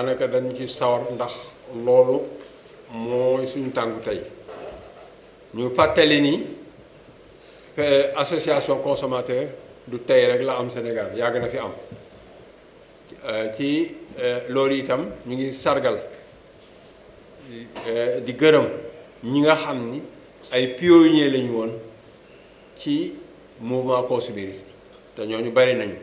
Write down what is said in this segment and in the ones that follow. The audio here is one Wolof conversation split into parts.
daanaka dañ ci sawar ndax loolu mooy suñu tàngu tey ñu fàttali ni association consommateur du tey rek la am Sénégal yàgg na fi am euh, ci euh, loolu itam ñu ngi sargal euh, di gërëm ñi nga xam ni ay pionniers lañu woon ci mouvement consumériste te ñooñu bari nañu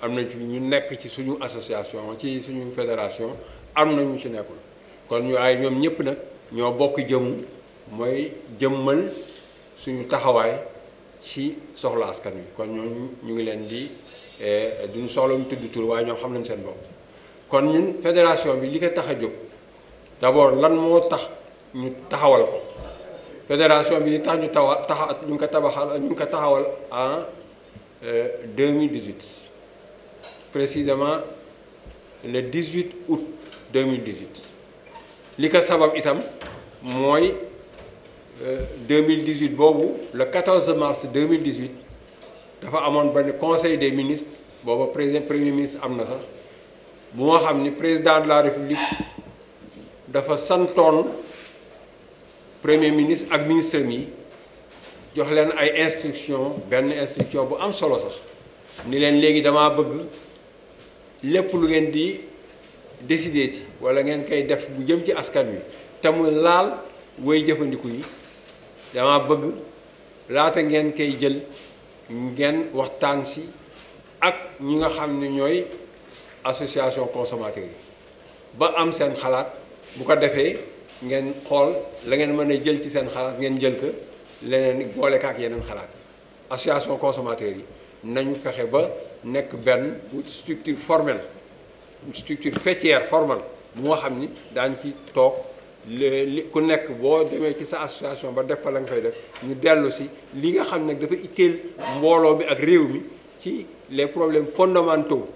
am na ci ñu nekk ci suñu association ci suñu fédération am na ñu ci nekkul kon ñu ay ñoom ñëpp nag ñoo bokk jëm mooy jëmmal suñu taxawaay ci soxla askan wi kon ñooñu ñu ngi leen di eh, duñu soxla mu tudd tur waaye ñoo xam nañ seen bopp kon ñun fédération bi li ko tax a jóg d'abord lan moo tax ñu taxawal ko fédération bi li tax ñu tawa taxa ñu ngi ko tabaxal ñu ngi ko taxawal en 2018 eh, précisément le 18 août 2018 li ko sabab itam mooy 2018 euh, boobu le 14 mars 2018 dafa amoon ba benn conseil des ministres booba président premier ministre am na sax bu nga xam ni président de la république dafa santoon premier ministre ak ministre mi jox leen ay instruction benn instruction bu am solo sax ni leen léegi damaa bëgg lépp lu ngeen di décider yi wala ngeen koy def bu jëm ci askan wi te laal way jëfandiku yi dama bëgg laata ngeen koy jël ngeen wax tànksi ak ñi nga xam ne ñooy association consommateur yi ba am seen xalaat bu ko defee ngeen xool la ngeen mën a jël ci seen xalaat ngeen jël ko leneen boole ak yeneen xalaat association consommateur yi nañu fexe ba nekk benn wut structure formelle structure faîtière formelle bu nga xam ni daañ ci toog li ku nekk boo demee ci sa association ba def fa la fay def ñu dellu si li nga xam ne dafa itteel mbooloo bi ak réew mi ci les problème fondamentaux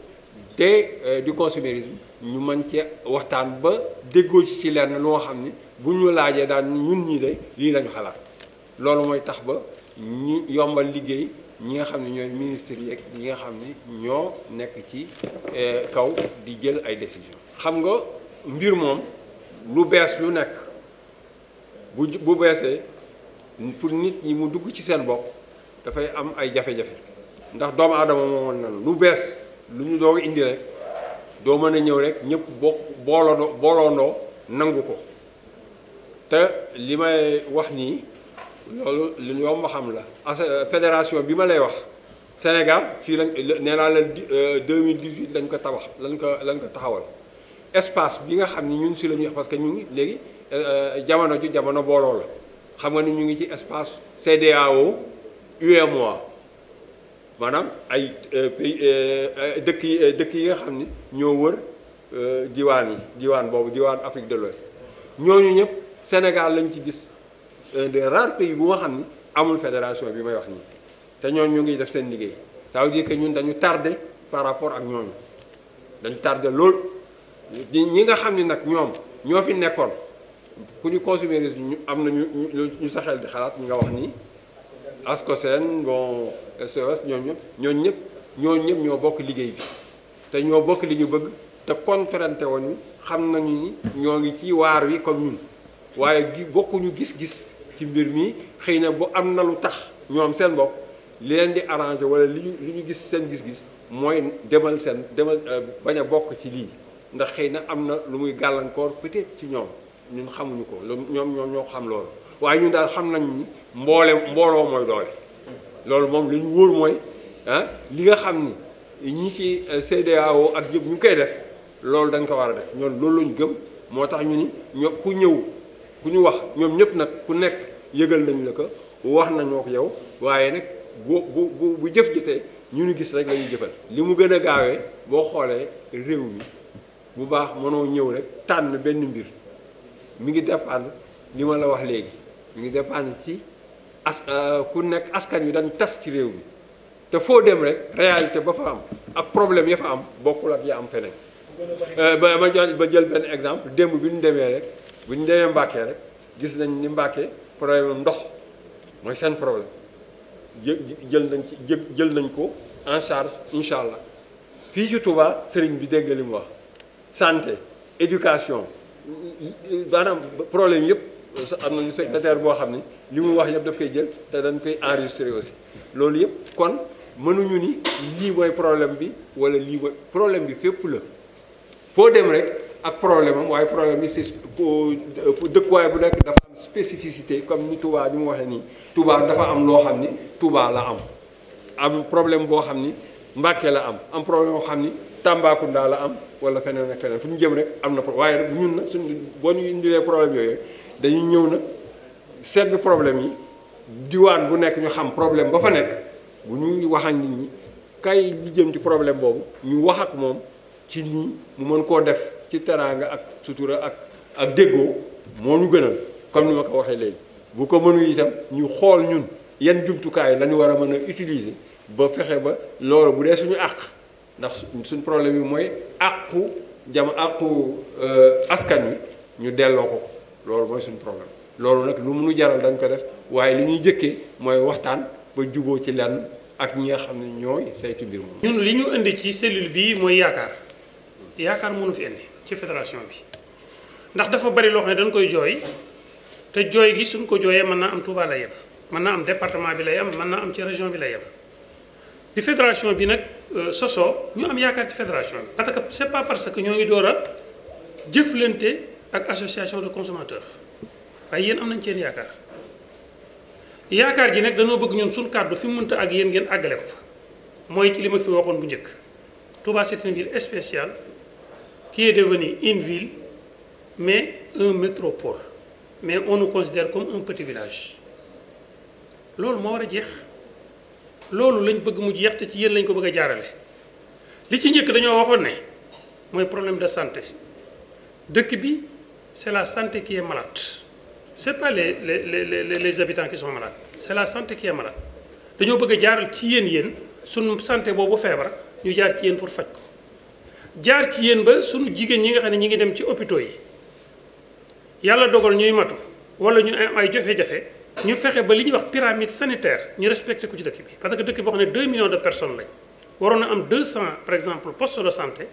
te euh, du consumérisme ñu mën ci waxtaan ba déggoo ci ci lenn lu nga xam ni bu ñu laajee daan ñun ñii de lii lañu xalaat loolu mooy tax ba ñu yombal liggéey ñi nga xam ne ñooy ministres yeeg ñi nga xam ne ñoo nekk ci eh, kaw di jël ay décisions. xam nga mbir moom lu bees lu nekk bu bu beesee pour nit ñi mu dugg ci seen bopp dafay am ay jafe-jafe ndax doomu aadama moo na lu bees lu ñu doog indi rek doo mën a ñëw rek ñépp bokk booloondoo booloondoo nangu ko te li may wax nii loolu lu yomb xam la. Euh, fédération bi ma lay wax Sénégal fii lañ nee naa leen euh, deux mille dix-huit lañ ko tabax lañ ko lañ ko taxawal espace bi nga xam ni ñun si la ñuy wax parce que ñu ngi léegi euh, jamono ju jamono booloo la xam nga ni ñu ngi ci espace CEDEAO UEMOA maanaam ay pays dëkk yi dëkk yi nga xam ni ñoo wër diwaan yi diwaan boobu diwaan Afrique de l'Ouest ñooñu ñëpp Sénégal lañ ci gis un des rares pays bu nga xam ni. amul fédération bi may wax nii te ñoon ñu ngi def seen liggéey ça veut dire ñun dañu tardé par rapport ak ñooñu dañu tardé lool ñi ñi nga xam ni nag ñoom ñoo fi nekkoon ku ñu consumérisme ñu am na ñu ñu sa xel di xalaat ñi nga wax nii seen bon SOS e ñooñ ñëpp ñooñu ñëpp ñooñu ñëpp ñoo bokk liggéey bi te ñoo bokk li ñu bëgg te contrainte woon ñu xam nañu ni ñoo ngi ci waar wi comme ñun waaye gi bokkuñu gis-gis ci mbir mi xëy na bu am na lu tax ñoom seen bopp li leen di arrangé wala li ñu li ñu gis seen gis-gis mooy demal seen demal euh, bañ a bokk ci lii ndax xëy na am na lu muy gàllankoor peut-être ci ñoom ñun xamuñu ko ñoom ñoom ñoo xam loolu waaye ñun daal xam nañ ni mbooloo mooy doole loolu moom li ñu wóor mooy ah li nga xam ni ñi ci euh, CEDEAO ak yëpp ñu koy def loolu dañ ko war a def loolu lañu gëm moo tax ñu ni ñoom ñëpp nag ku nekk yëgal nañ la ko wax nañoo ko yow waaye nag bu bu bu bu jëf jotee ñu nu gis rek la ñuy jëfal li mu gën a gaawee boo xoolee réew mi bu baax mënoo ñëw rek tànn benn mbir mu ngi dépendre li ma la wax léegi mu ngi dem dépendre ci as euh, ku nekk askan yu dañ tas ci réew mi te foo dem rek réalité ba fa am ak problème ya fa am bokkul ak ya am feneen. Euh, ba ma jël ba jël benn exemple démb bi ñu demee rek bu ñu demee Mbàkke rek gis nañ ni Mbàkke problème ndox mooy seen problème jë jël nañ ci jël nañ ko en charge allah fii ci Touba sëriñ bi dégg li mu wax santé éducation maanaam problème yëpp am nañu secrétaire boo xam ne li mu wax yëpp daf koy jël te dañ koy enregistré aussi loolu yëpp kon mënuñu ni lii mooy problème bi wala lii mooy problème bi fépp la foo dem rek ak problème am waaye problème bi c'est dëkkuwaay bu nekk dafa am spécificité comme ni Touba ni mu waxee nii Touba dafa am loo xam ni Touba la am am problème boo xam ni Mbàkke la am am problème boo xam ni Tambacounda la am wala feneen ak feneen fu ñu jëm rek am na waaye ñun na suñ boo ñu indilee problème yooyu dañuy ñëw na seetlu problème yi diwaan bu nekk ñu xam problème ba fa nekk bu ñuy wax ñi kay li jëm ci problème boobu ñu wax ak moom ci nii mën koo def ci teraanga ak sutura ak ak déggoo moo ñu gënal comme ni ma ko waxee léegi bu ko mënu itam ñu xool ñun yan jumtukaay la ñu war a mën a utiliser ba fexe ba loolu bu dee suñu àq ndax suñ problème yi mooy àqu jama àqu euh, askan wi ñu delloo ko ko loolu mooy suñu problème loolu nag lu mënu jaral dañ ko def waaye lu ñuy jëkkee mooy waxtaan ba juboo ci lenn ak ñi xam ne ñooy saytu mbir moom ñun li ñu indi ci cellule bii mooy yaakaar yaakaar mënu fi indi ci fédération bi ndax dafa bari loo xam ne dañ koy jooy te jooy gi suñ ko jooyee mën naa am Touba la yem mën naa am département bi lay am mën naa am ci région bi lay yem. di fédération bi nag euh, sosoo ñu am yaakaar ci fédération bi parce que c'est pas parce que ñoo ngi door jëflante ak association de consommateurs waaye yéen am nañ seen yaakaar yaakaar ji nag danoo bëgg ñun suñ kàddu fi mu mënta ak yéen ngeen àggale fa mooy ci li ma fi waxoon bu njëkk Touba c'est une ville spéciale. qui est devenue une ville, mais un métropole. Mais on nous considère comme un petit village. loolu moo war a jeex loolu lañ bëgg mu jeex te ci yéen lañ ko bëgg jaarale li ci njëkk dañoo waxoon ne mooy problème de santé dëkk bi c'est la santé qui est malade c'est pas les les les les les habitants qui sont malades c'est la santé qui est malade dañoo bëgg jaaral ci yéen yéen sunu santé boobu feebar ñu jaar ci yéen pour faj ko. jaar ci yéen ba sunu jigéen ñi nga xam ne ñi ngi dem ci hôpitaux yi yàlla dogal ñuy matu wala ñu am ay jafe-jafe ñu fexe ba li ñuy wax pyramide sanitaire ñu respecté ko ci dëkk bi parce que dëkk boo xam ne deux millions de personnes lañ waroon na am 200 par exemple postes de santé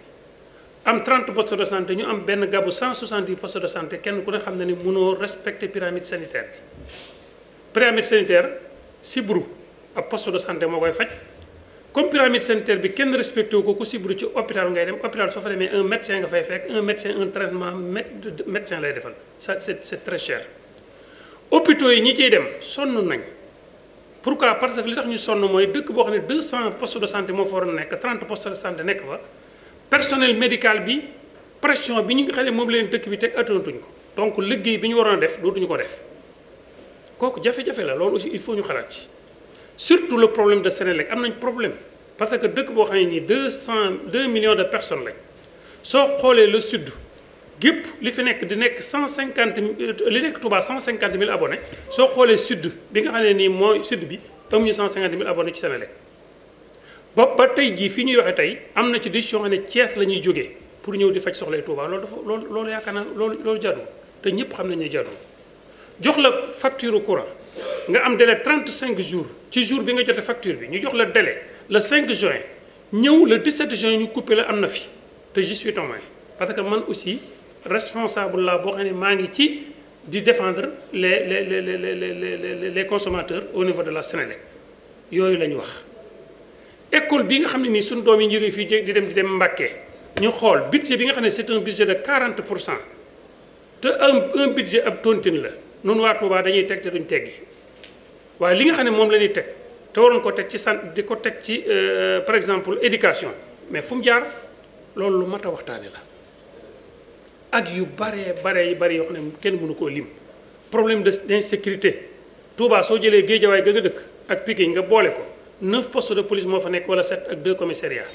am 30 postes de santé ñu am benn gabu 170 postes de santé kenn ku ne xam ne ni mënoo respecté pyramide sanitaire bi pyramide sanitaire sibru ab poste de santé moo koy faj comme pyramide sanitaire bi kenn respecté ko ku sibru ci hôpital ngay dem hôpital soo fa demee un médecin nga fay fekk un médecin un traitement médecin lay defal ça c'est c'est très cher hôpitaux yi ñi ciy dem sonn nañ pourquoi parce que li tax ñu sonn mooy dëkk boo xam ne 200 postes de santé moo fa waroon nekk 30 postes de santé nekk fa personnel médical bi pression bi ñu nga xam ne moom leen dëkk bi teg attanatuñ ko donc liggéey bi ñu waroon a def dootuñu ko def kooku jafe la loolu aussi il faut ñu xalaat ci surtout le problème de Sénélec am nañ problème parce que dëkk boo xam ne nii deux cent deux millions de personnes lañ soo xoolee le sud gépp li fi nekk di nekk cent cinquante euh, li nekk Touba cent cinquante mille abonnés soo xoolee sud bi nga xam ne nii mooy sud bi amuñu cent cinquante mille abonnés ci Sénélec ba ba tey jii fi ñuy waxee tey am na ci décision xam ne cees la ñuy jógee pour ñëw di faj soxlay Touba loolu dafa loolu loolu yaakaar naa loolu loolu jaaduwul te ñëpp xam nañ ne jaaduwul jox la facture courant. nga am délai cinq jours ci jour bi nga jotee facture bi ñu jox la délai le cinq juin ñëw le 17 juin ñu coupé la am na fi te je suis témoin parce que man aussi responsable la boo xam ne maa ngi ci di defendre les les les les les consommateurs au niveau de la Sénélec yooyu la ñu wax. école bi nga xam ne nii suñu doom yi ñu jógee fii di dem di dem Mbàkke ñu xool budget bi nga xam ne c'est un budget de 40 pour cent te un un budget ab tontine la noonu waa Touba dañuy teg te duñ waaye li nga xam ne moom la ñuy teg te waroon ko teg ci san di ko teg ci euh, euh, par exemple éducation mais fu jaar loolu lu mat a waxtaane la ak yu baree bare yu bari yoo xam ne kenn mënu koo lim problème de d'insécurité Touba soo jëlee Géejawaay ga nga dëkk ak Pikine nga boole ko neuf postes de police moo fa nekk wala sept ak deux commissariats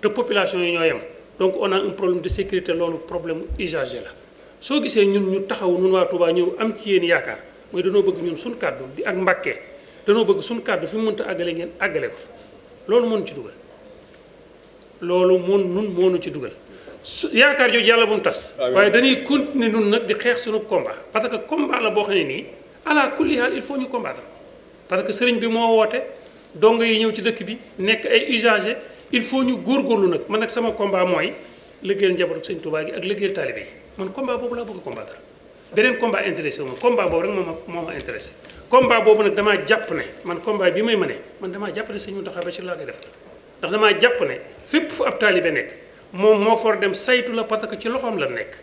te population yi ñoo yem donc on a problème de sécurité loolu problème usagé la soo gisee ñun ñu taxaw ñun waa Touba ñëw am ci yéen yaakaar mooy danoo bëgg ñun suñ kàddu di ak mbàkke danoo bëgg suñ kàddu fi mu mënta àggale ngeen àggale ko fa loolu moonu ci dugal loolu moon nun moonu ci dugal su yaakaar jooju yàlla bu mu tas waaye dañuy ne nun nag di xeex sunu combat parce que combat la boo xam ne nii ala kulli haal il faut ñu komba parce que sëriñ bi moo woote dongo yi ñëw ci dëkk bi nekk ay usagers il faut ñu góorgóorlu nag man nag sama combat mooy liggéeyal njabootu sëñ Tuubaa gi ak liggéeyal taalibe yi man combat boobu laa bëgg a combattre beneen combat intéresé moom combat boobu rek moo ma moo ma intéressé boobu nag damaa jàpp ne man combat bi may mëne man damaa jàpp ne sëñ Mountakha Bachir laa koy def ndax damaa jàpp ne fépp fu ab taalibe nekk moom moo for dem saytu la parce que ci loxoom la nekk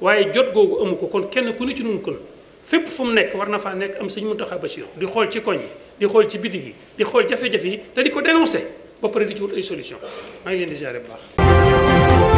waaye jot googu amu ko kon kenn ku ne ci nun kon fépp fu mu nekk war na faa nekk am sëñ Mountakha Bachir di xool ci koñ yi di xool ci biti yi di xool jafe-jafe yi te di ko dénoncé ba pare di ci ay solution maa ngi bu baax